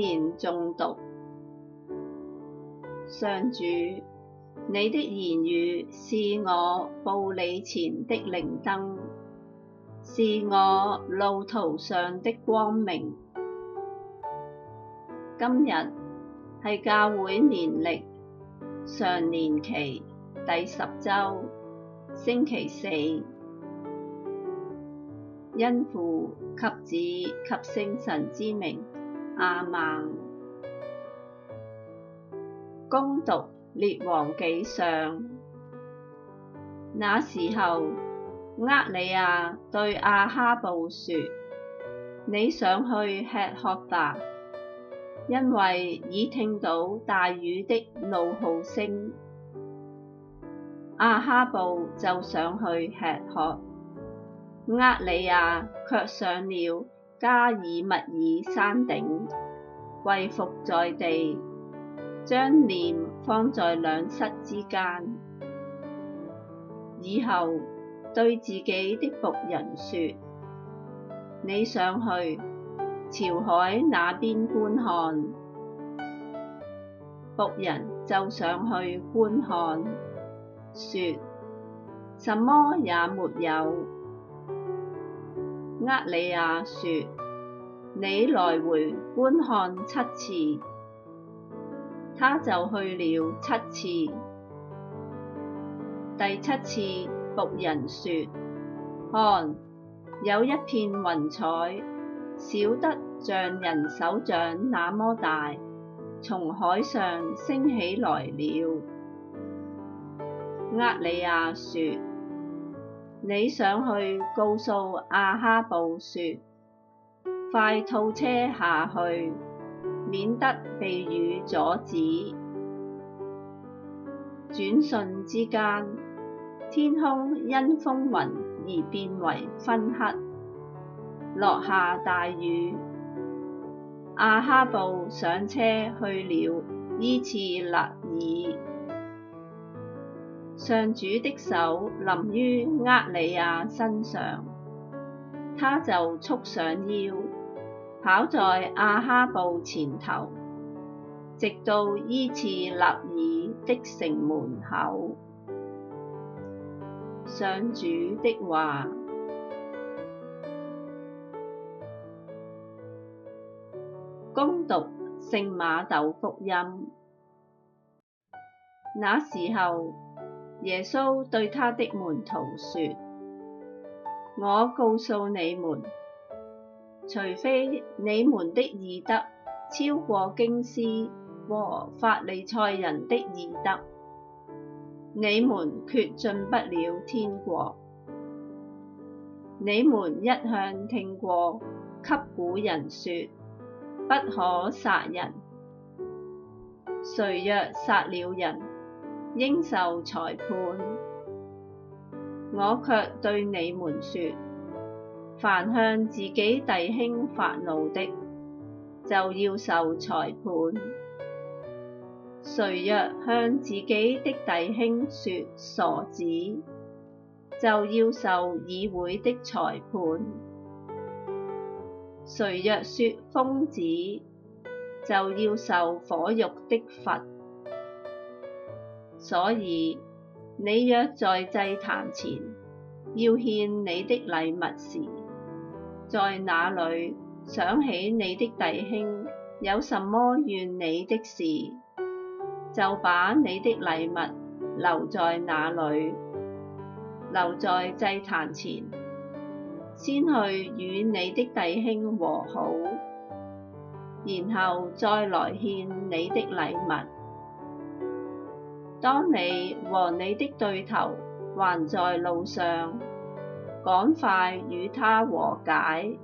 年中毒，上主，你的言語是我步履前的靈燈，是我路途上的光明。今日係教會年曆常年期第十周星期四，因父及子及聖神之名。阿曼恭讀列王紀上，那時候厄里亞對阿哈布説：你上去吃喝吧，因為已聽到大雨的怒號聲。阿哈布就上去吃喝，厄里亞卻上了。加爾默耳山頂，跪伏在地，將臉放在兩膝之間。以後，對自己的僕人說：你上去朝海那邊觀看。僕人就上去觀看，說：什麼也沒有。厄里亞說：你來回觀看七次，他就去了七次。第七次，僕人說：看，有一片雲彩，小得像人手掌那麼大，從海上升起來了。厄里亞說：你上去告訴阿哈布說：快套車下去，免得被雨阻止。轉瞬之間，天空因風雲而變為昏黑，落下大雨。阿哈布上車去了依次勒耳。上主的手臨於厄里亞身上，他就束上腰，跑在阿哈布前頭，直到依次勒耳的城門口。上主的話，恭讀聖瑪竇福音。那時候，耶穌對他的門徒說：我告訴你們，除非你們的義德超過經師和法利塞人的義德，你們決進不了天國。你們一向聽過給古人說，不可殺人，誰若殺了人，應受裁判，我卻對你們說：凡向自己弟兄發怒的，就要受裁判；誰若向自己的弟兄說傻子，就要受議會的裁判；誰若說瘋子，就要受火獄的罰。所以，你若在祭壇前要獻你的禮物時，在那裏想起你的弟兄有什麼怨你的事，就把你的禮物留在那裏，留在祭壇前，先去與你的弟兄和好，然後再來獻你的禮物。當你和你的對頭還在路上，趕快與他和解，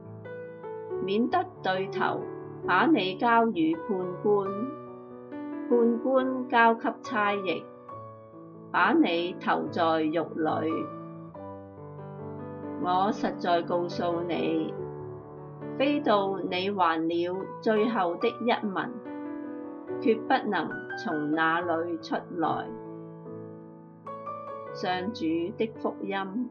免得對頭把你交與判官，判官交給差役，把你投在獄裏。我實在告訴你，非到你還了最後的一文，決不能從那裏出來。上主的福音。